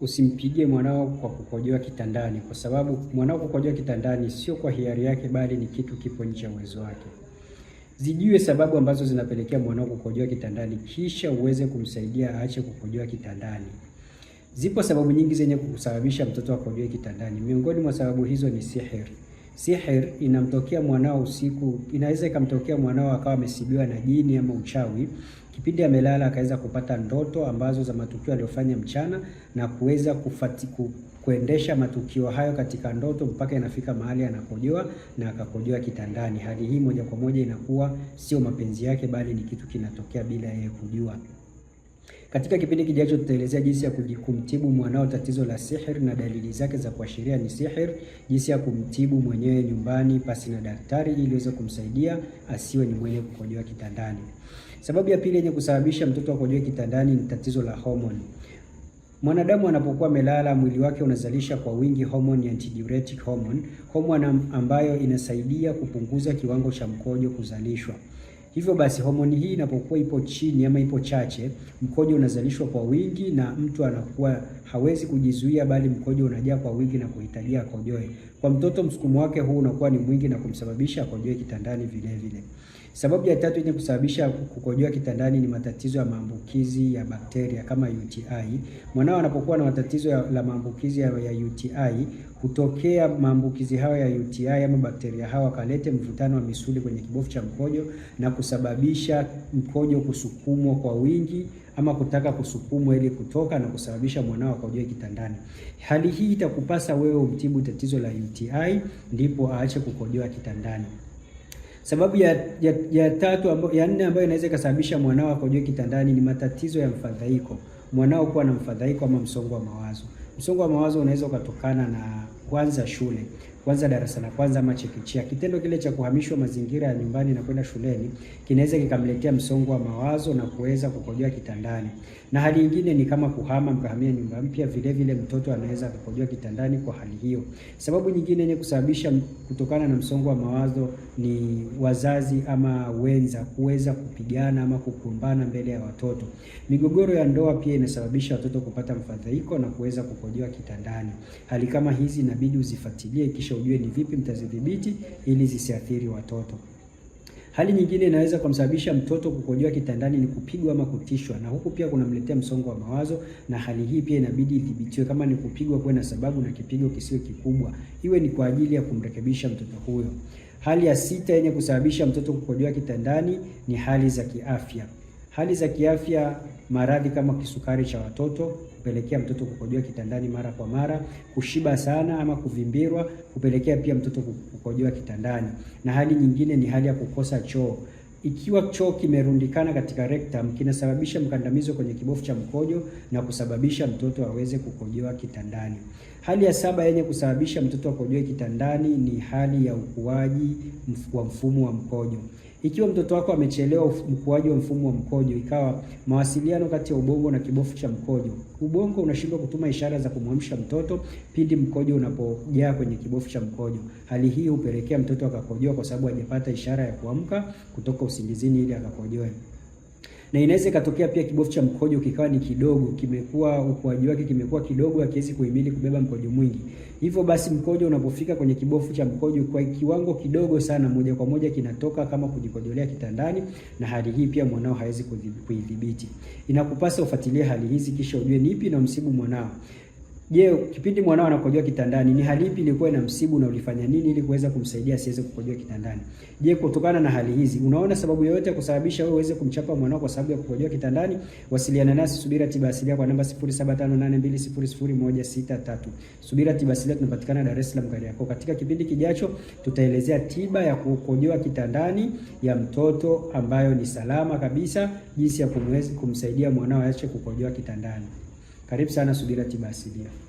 usimpigie mwanao kwa kukojoa kitandani, kwa sababu mwanao kukojoa kitandani sio kwa hiari yake, bali ni kitu kipo nje ya uwezo wake. Zijue sababu ambazo zinapelekea mwanao kukojoa kitandani, kisha uweze kumsaidia aache kukojoa kitandani. Zipo sababu nyingi zenye kusababisha mtoto akojoe kitandani. Miongoni mwa sababu hizo ni sihiri. Siher inamtokea mwanao usiku, inaweza ikamtokea mwanao akawa amesibiwa na jini ama uchawi. Kipindi amelala akaweza kupata ndoto ambazo za matukio aliyofanya mchana na kuweza ku, kuendesha matukio hayo katika ndoto mpaka inafika mahali anakojoa na akakojoa kitandani. Hali hii moja kwa moja inakuwa sio mapenzi yake, bali ni kitu kinatokea bila yeye kujua. Katika kipindi kijacho tutaelezea jinsi ya kumtibu mwanao tatizo la sihir na dalili zake za kuashiria ni sihir jinsi ya kumtibu mwenyewe nyumbani pasi na daktari ili uweze kumsaidia asiwe ni mwenye kukojoa kitandani. Sababu ya pili yenye kusababisha mtoto akojoe kitandani ni tatizo la homoni. Mwanadamu anapokuwa amelala mwili wake unazalisha kwa wingi homoni ya antidiuretic hormone, hormone ambayo inasaidia kupunguza kiwango cha mkojo kuzalishwa. Hivyo basi homoni hii inapokuwa ipo chini ama ipo chache, mkojo unazalishwa kwa wingi na mtu anakuwa hawezi kujizuia, bali mkojo unajaa kwa wingi na kuhitajia akojoe. Kwa mtoto msukumo wake huu unakuwa ni mwingi na kumsababisha akojoe kitandani vile vile. Sababu ya tatu yenye kusababisha kukojoa kitandani ni matatizo ya maambukizi ya bakteria kama UTI. Mwanao anapokuwa na matatizo ya, la maambukizi ya, ya UTI kutokea maambukizi hayo ya UTI ama bakteria hawa wakalete mvutano wa misuli kwenye kibofu cha mkojo na kusababisha mkojo kusukumwa kwa wingi ama kutaka kusukumwa ili kutoka na kusababisha mwanao akaojoe kitandani. Hali hii itakupasa wewe umtibu tatizo la UTI ndipo aache kukojoa kitandani. Sababu ya, ya, ya tatu ambayo ya nne ambayo inaweza ikasababisha mwanao akojoe kitandani ni matatizo ya mfadhaiko, mwanao kuwa na mfadhaiko ama msongo wa mawazo. Msongo wa mawazo unaweza ukatokana na kwanza shule kwanza darasa la kwanza ama chekechea. Kitendo kile cha kuhamishwa mazingira ya nyumbani na kwenda shuleni kinaweza kikamletea msongo wa mawazo na kuweza kukojoa kitandani, na hali nyingine ni kama kuhama, mkahamia nyumba mpya, vile vile mtoto anaweza kukojoa kitandani kwa hali hiyo. Sababu nyingine yenye kusababisha kutokana na msongo wa mawazo ni wazazi ama wenza kuweza kupigana ama kukumbana mbele ya watoto. Migogoro ya ndoa pia inasababisha watoto kupata mfadhaiko na kuweza kukojoa kitandani. Hali kama hizi inabidi uzifuatilie kisha ujue ni vipi mtazidhibiti ili zisiathiri watoto. Hali nyingine inaweza kumsababisha mtoto kukojoa kitandani ni kupigwa ama kutishwa, na huku pia kunamletea msongo wa mawazo, na hali hii pia inabidi idhibitiwe. Kama ni kupigwa, kuwe na sababu na kipigo kisiwe kikubwa, iwe ni kwa ajili ya kumrekebisha mtoto huyo. Hali ya sita yenye kusababisha mtoto kukojoa kitandani ni hali za kiafya hali za kiafya, maradhi kama kisukari cha watoto, kupelekea mtoto kukojoa kitandani mara kwa mara, kushiba sana ama kuvimbirwa, kupelekea pia mtoto kukojoa kitandani. Na hali nyingine ni hali ya kukosa choo. Ikiwa choo kimerundikana katika rectum, kinasababisha mkandamizo kwenye kibofu cha mkojo na kusababisha mtoto aweze kukojoa kitandani. Hali ya saba yenye kusababisha mtoto akojoe kitandani ni hali ya ukuaji wa mfumo wa mkojo. Ikiwa mtoto wako amechelewa mkuaji wa mfumo wa mkojo, ikawa mawasiliano kati ya ubongo na kibofu cha mkojo, ubongo unashindwa kutuma ishara za kumwamsha mtoto pindi mkojo unapojaa kwenye kibofu cha mkojo. Hali hii hupelekea mtoto akakojoa kwa sababu hajapata ishara ya kuamka kutoka usingizini ili akakojoe na inaweza ikatokea pia kibofu cha mkojo kikawa ni kidogo, kimekuwa ukuaji wake kimekuwa kidogo, akiwezi kuhimili kubeba mkojo mwingi. Hivyo basi mkojo unapofika kwenye kibofu cha mkojo kwa kiwango kidogo sana, moja kwa moja kinatoka kama kujikojolea kitandani, na hali hii pia mwanao hawezi kuidhibiti. Inakupasa ufuatilie hali hizi, kisha ujue ni ipi na msibu mwanao. Je, kipindi mwanao anakojoa kitandani ni hali ipi ilikuwa na msibu na ulifanya nini ili kuweza kumsaidia asiweze kukojoa kitandani? Je, kutokana na hali hizi unaona sababu yoyote ya kusababisha wewe uweze kumchapa mwanao kwa sababu ya kukojoa kitandani? Wasiliana nasi Subira Tiba Asilia kwa namba 0758200163. Subira Tiba Asilia tunapatikana Dar es Salaam Kariakoo. Katika kipindi kijacho tutaelezea tiba ya kukojoa kitandani ya mtoto ambayo ni salama kabisa, jinsi ya kumwezi kumsaidia mwanao aache kukojoa kitandani. Karibu sana Subira Tiba Asilia.